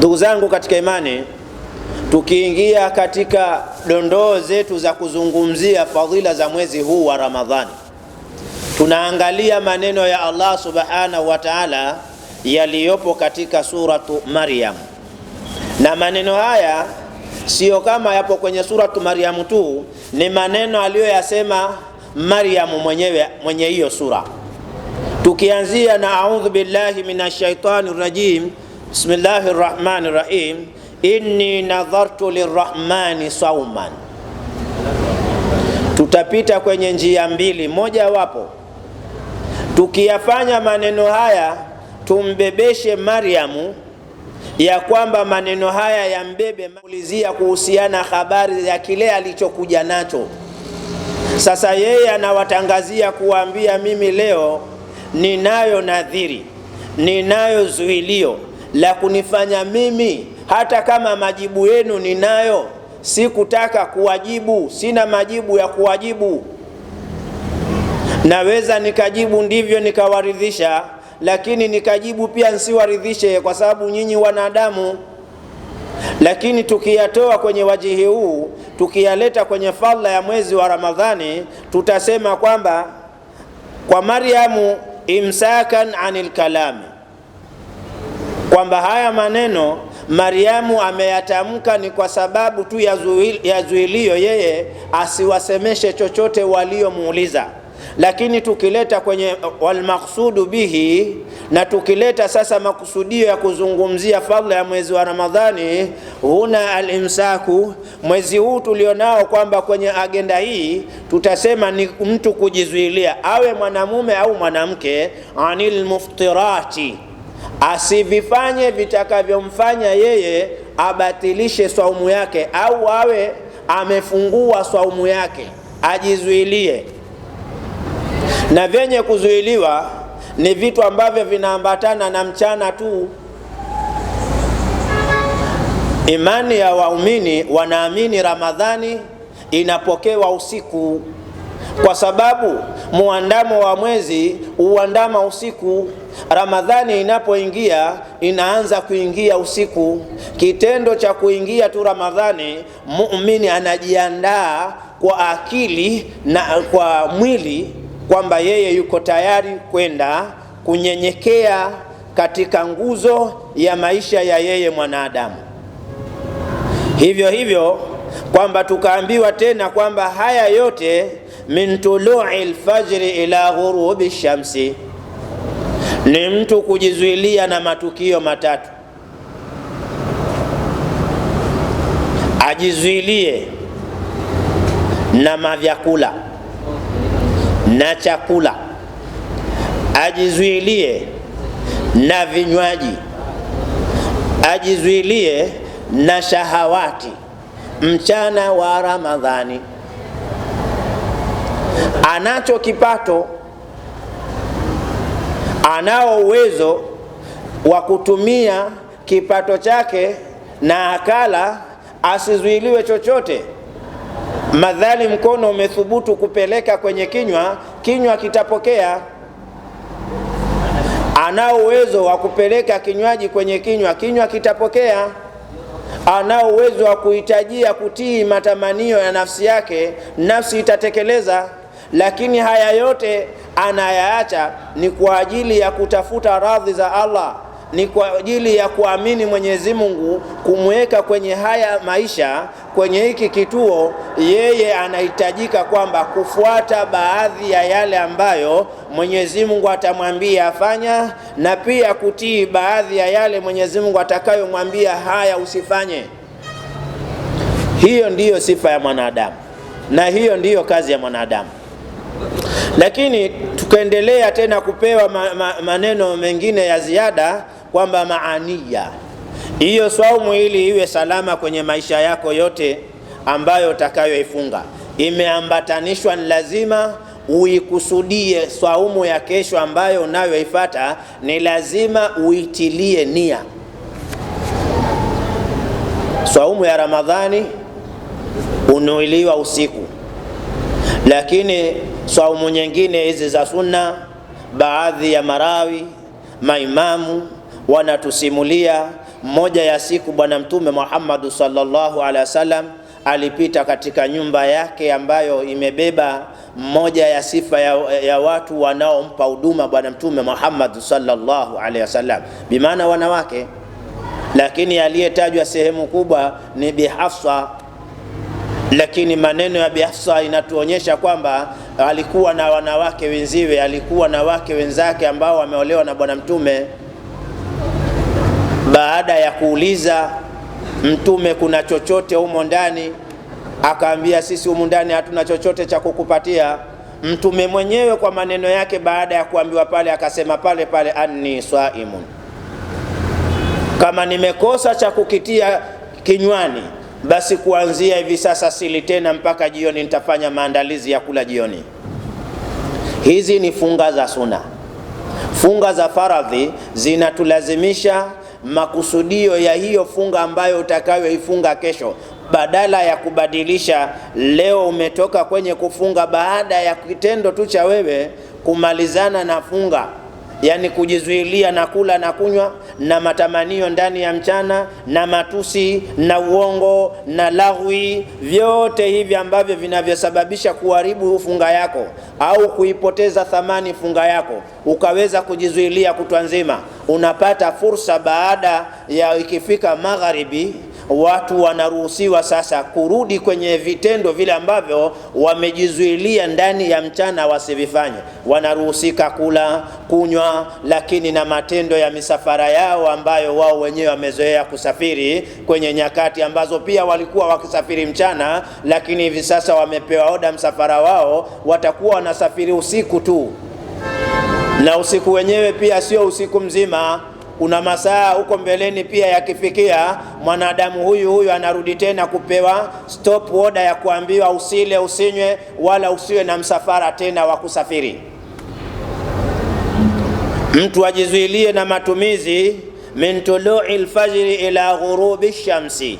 Ndugu zangu katika imani, tukiingia katika dondoo zetu za kuzungumzia fadhila za mwezi huu wa Ramadhani, tunaangalia maneno ya Allah subhanahu wa ta'ala yaliyopo katika suratu Maryam, na maneno haya siyo kama yapo kwenye suratu Maryamu tu, ni maneno aliyoyasema Maryamu mwenyewe mwenye hiyo sura, tukianzia na audhu billahi minash shaitani rajim Bismillahir Rahmanir Rahim, inni nadhartu lirrahmani sauman. Tutapita kwenye njia mbili, moja wapo tukiyafanya maneno haya tumbebeshe Maryamu ya kwamba maneno haya yambebe kulizia kuhusiana habari ya kile alichokuja nacho. Sasa yeye anawatangazia kuwaambia, mimi leo ninayo nadhiri, ninayo zuilio la kunifanya mimi, hata kama majibu yenu ninayo, sikutaka kuwajibu, sina majibu ya kuwajibu. Naweza nikajibu ndivyo nikawaridhisha, lakini nikajibu pia nsiwaridhishe, kwa sababu nyinyi wanadamu. Lakini tukiyatoa kwenye wajihi huu tukiyaleta kwenye fadhila ya mwezi wa Ramadhani, tutasema kwamba kwa Maryamu imsakan anil kalami kwamba haya maneno Mariamu ameyatamka ni kwa sababu tu ya zuilio yeye asiwasemeshe chochote waliomuuliza, lakini tukileta kwenye uh, walmaksudu bihi na tukileta sasa makusudio ya kuzungumzia fadhila ya mwezi wa Ramadhani, huna alimsaku, mwezi huu tulionao, kwamba kwenye agenda hii tutasema ni mtu kujizuilia, awe mwanamume au mwanamke, anil muftirati asivifanye vitakavyomfanya yeye abatilishe swaumu yake, au awe amefungua swaumu yake, ajizuilie. Na vyenye kuzuiliwa ni vitu ambavyo vinaambatana na mchana tu. Imani ya waumini wanaamini Ramadhani inapokewa usiku, kwa sababu muandamo wa mwezi huandama usiku. Ramadhani inapoingia inaanza kuingia usiku. Kitendo cha kuingia tu Ramadhani, muumini anajiandaa kwa akili na kwa mwili kwamba yeye yuko tayari kwenda kunyenyekea katika nguzo ya maisha ya yeye mwanadamu. Hivyo hivyo kwamba tukaambiwa tena kwamba haya yote min tului lfajri ila ghurubi shamsi ni mtu kujizuilia na matukio matatu. Ajizuilie na mavyakula na chakula, ajizuilie na vinywaji, ajizuilie na shahawati mchana wa Ramadhani. Anacho kipato anao uwezo wa kutumia kipato chake na akala asizuiliwe chochote madhali mkono umethubutu kupeleka kwenye kinywa, kinywa kitapokea. Anao uwezo wa kupeleka kinywaji kwenye kinywa, kinywa kitapokea. Anao uwezo wa kuhitajia kutii matamanio ya nafsi yake, nafsi itatekeleza lakini haya yote anayaacha ni kwa ajili ya kutafuta radhi za Allah, ni kwa ajili ya kuamini Mwenyezi Mungu, kumweka kwenye haya maisha, kwenye hiki kituo. Yeye anahitajika kwamba kufuata baadhi ya yale ambayo Mwenyezi Mungu atamwambia afanya, na pia kutii baadhi ya yale Mwenyezi Mungu atakayomwambia haya usifanye. Hiyo ndiyo sifa ya mwanadamu na hiyo ndiyo kazi ya mwanadamu. Lakini tukaendelea tena kupewa ma, ma, maneno mengine ya ziada kwamba maania hiyo swaumu ili iwe salama kwenye maisha yako yote ambayo utakayoifunga imeambatanishwa, ni lazima uikusudie swaumu ya kesho ambayo unayoifata, ni lazima uitilie nia. Swaumu ya Ramadhani unuiliwa usiku lakini saumu nyingine hizi za sunna, baadhi ya marawi maimamu wanatusimulia moja ya siku Bwana Mtume Muhammad sallallahu alaihi wasallam alipita katika nyumba yake ambayo imebeba moja ya sifa ya, ya watu wanaompa huduma Bwana Mtume Muhammad sallallahu alaihi wasallam, bimaana wanawake, lakini aliyetajwa sehemu kubwa ni Bi Hafsa lakini maneno ya Bi Hafsa inatuonyesha kwamba alikuwa na wanawake wenziwe, alikuwa na wake wenzake ambao wameolewa na Bwana Mtume. Baada ya kuuliza Mtume, kuna chochote humo ndani? Akaambia, sisi humu ndani hatuna chochote cha kukupatia. Mtume mwenyewe kwa maneno yake, baada ya kuambiwa pale, akasema pale pale, anni swaimun, kama nimekosa cha kukitia kinywani basi kuanzia hivi sasa sili tena mpaka jioni, nitafanya maandalizi ya kula jioni. Hizi ni funga za suna. Funga za faradhi zinatulazimisha makusudio ya hiyo funga ambayo utakayoifunga kesho, badala ya kubadilisha. Leo umetoka kwenye kufunga baada ya kitendo tu cha wewe kumalizana na funga yani kujizuilia na kula na kunywa na matamanio ndani ya mchana na matusi na uongo na lagwi, vyote hivi ambavyo vinavyosababisha kuharibu funga yako au kuipoteza thamani funga yako, ukaweza kujizuilia kutwa nzima, unapata fursa baada ya ikifika magharibi watu wanaruhusiwa sasa kurudi kwenye vitendo vile ambavyo wamejizuilia ndani ya mchana wasivifanye. Wanaruhusika kula, kunywa, lakini na matendo ya misafara yao ambayo wao wenyewe wamezoea kusafiri kwenye nyakati ambazo pia walikuwa wakisafiri mchana, lakini hivi sasa wamepewa oda, msafara wao watakuwa wanasafiri usiku tu, na usiku wenyewe pia sio usiku mzima kuna masaa huko mbeleni pia yakifikia, mwanadamu huyu huyu anarudi tena kupewa stop order ya kuambiwa usile, usinywe, wala usiwe na msafara tena wa kusafiri. Mtu ajizuilie na matumizi min tului lfajri ila ghurubi shamsi,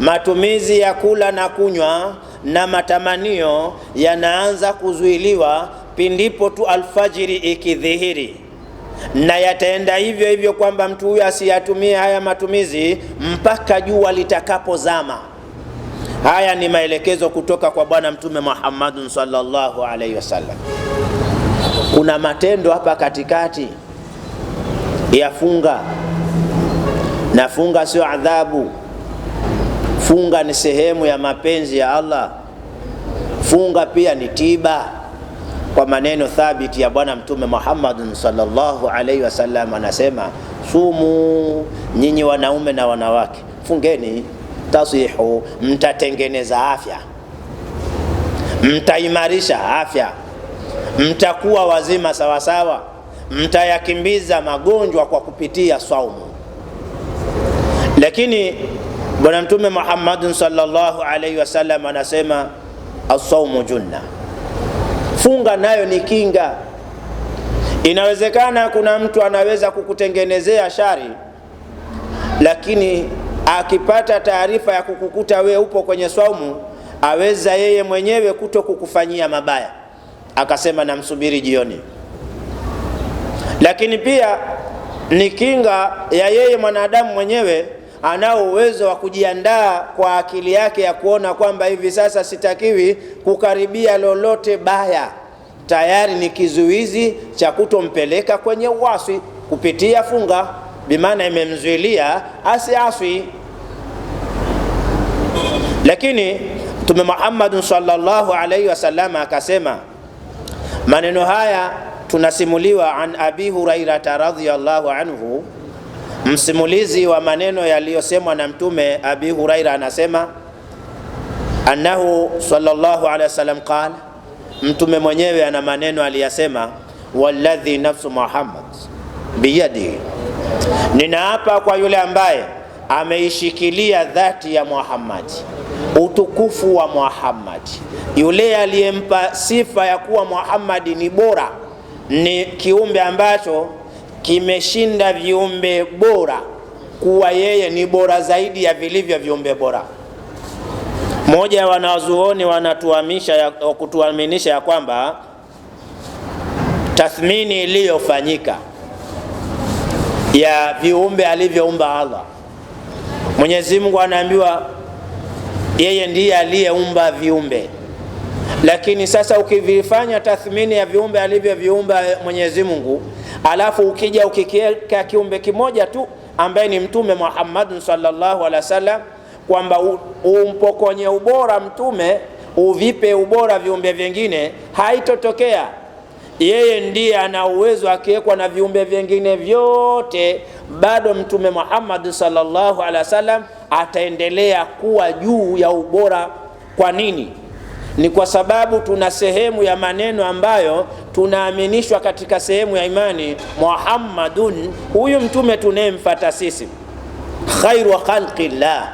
matumizi ya kula na kunywa na matamanio yanaanza kuzuiliwa pindipo tu alfajiri ikidhihiri na yataenda hivyo hivyo, kwamba mtu huyo asiyatumie haya matumizi mpaka jua litakapozama. Haya ni maelekezo kutoka kwa Bwana Mtume Muhammadun sallallahu alaihi wasallam. Kuna matendo hapa katikati ya funga, na funga sio adhabu. Funga ni sehemu ya mapenzi ya Allah. Funga pia ni tiba kwa maneno thabiti ya Bwana Mtume Muhammad sallallahu alaihi wasallam, anasema sumu, nyinyi wanaume na wanawake fungeni, tasihu, mtatengeneza afya, mtaimarisha afya, mtakuwa wazima sawasawa, mtayakimbiza magonjwa kwa kupitia saumu. Lakini Bwana Mtume Muhammadin sallallahu alaihi wasallam anasema asaumu junna Funga nayo ni kinga. Inawezekana kuna mtu anaweza kukutengenezea shari, lakini akipata taarifa ya kukukuta we upo kwenye swaumu, aweza yeye mwenyewe kuto kukufanyia mabaya, akasema namsubiri jioni. Lakini pia ni kinga ya yeye mwanadamu mwenyewe anao uwezo wa kujiandaa kwa akili yake ya kuona kwamba hivi sasa sitakiwi kukaribia lolote baya, tayari ni kizuizi cha kutompeleka kwenye uasi kupitia funga, bimaana imemzuilia asiaswi. Lakini Mtume Muhammad sallallahu alaihi wasallam akasema maneno haya tunasimuliwa, an Abi Hurairata radhiyallahu anhu Msimulizi wa maneno yaliyosemwa na Mtume Abi Huraira anasema annahu sallallahu alaihi wasallam qala, Mtume mwenyewe ana maneno aliyasema, walladhi nafsu Muhammad biyadi, ninaapa kwa yule ambaye ameishikilia dhati ya Muhammad, utukufu wa Muhammad, yule aliyempa sifa ya kuwa Muhammad ni bora, ni kiumbe ambacho kimeshinda viumbe bora kuwa yeye ni bora zaidi ya vilivyo viumbe bora. Moja ya wanazuoni wanatuamisha kutuaminisha ya kwamba tathmini iliyofanyika ya viumbe alivyoumba Allah, Mwenyezi Mungu anaambiwa yeye ndiye aliyeumba viumbe, lakini sasa ukivifanya tathmini ya viumbe alivyoviumba Mwenyezi Mungu alafu ukija ukikiweka kiumbe kimoja tu ambaye ni Mtume Muhammad sallallahu alaihi wasallam, kwamba umpokonye ubora mtume uvipe ubora viumbe vingine, haitotokea. Yeye ndiye ana uwezo, akiwekwa na viumbe vingine vyote, bado Mtume Muhammad sallallahu alaihi wasallam ataendelea kuwa juu ya ubora. Kwa nini? Ni kwa sababu tuna sehemu ya maneno ambayo tunaaminishwa katika sehemu ya imani Muhammadun, huyu mtume tunayemfata sisi, khairu khalqillah,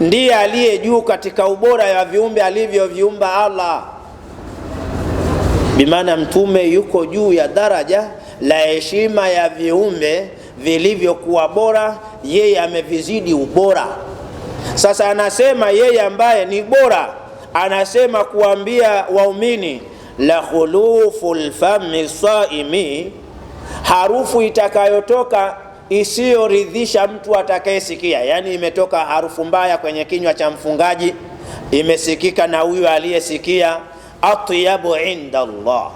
ndiye aliye juu katika ubora wa viumbe alivyoviumba Allah. Bimaana mtume yuko juu ya daraja la heshima ya viumbe vilivyokuwa bora, yeye amevizidi ubora. Sasa anasema yeye ambaye ni bora, anasema kuambia waumini la khulufu lfami saimi, harufu itakayotoka isiyoridhisha mtu atakayesikia, yaani imetoka harufu mbaya kwenye kinywa cha mfungaji, imesikika na huyo aliyesikia. Atyabu inda Allah,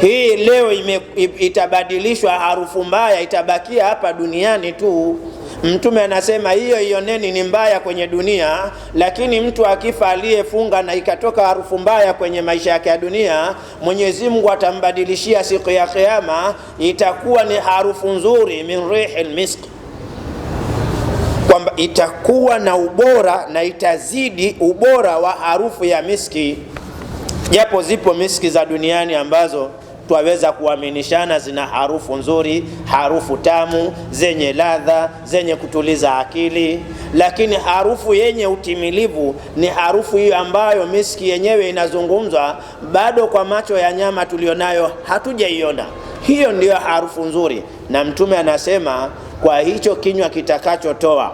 hii leo ime, itabadilishwa harufu mbaya, itabakia hapa duniani tu. Mtume anasema hiyo neni ni mbaya kwenye dunia, lakini mtu akifa aliyefunga na ikatoka harufu mbaya kwenye maisha yake ya dunia, Mwenyezi Mungu atambadilishia siku ya Kiyama, itakuwa ni harufu nzuri, min rihil misk, kwamba itakuwa na ubora na itazidi ubora wa harufu ya miski, japo zipo miski za duniani ambazo twaweza kuaminishana zina harufu nzuri, harufu tamu, zenye ladha, zenye kutuliza akili. Lakini harufu yenye utimilivu ni harufu hiyo ambayo miski yenyewe inazungumzwa, bado kwa macho ya nyama tulionayo hatujaiona. Hiyo ndiyo harufu nzuri, na Mtume anasema kwa hicho kinywa kitakachotoa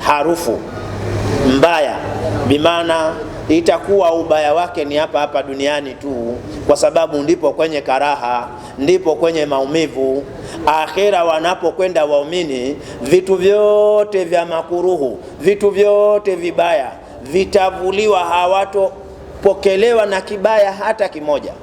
harufu mbaya bimana itakuwa ubaya wake ni hapa hapa duniani tu, kwa sababu ndipo kwenye karaha, ndipo kwenye maumivu. Akhera wanapokwenda waumini, vitu vyote vya makuruhu, vitu vyote vibaya vitavuliwa, hawatopokelewa na kibaya hata kimoja.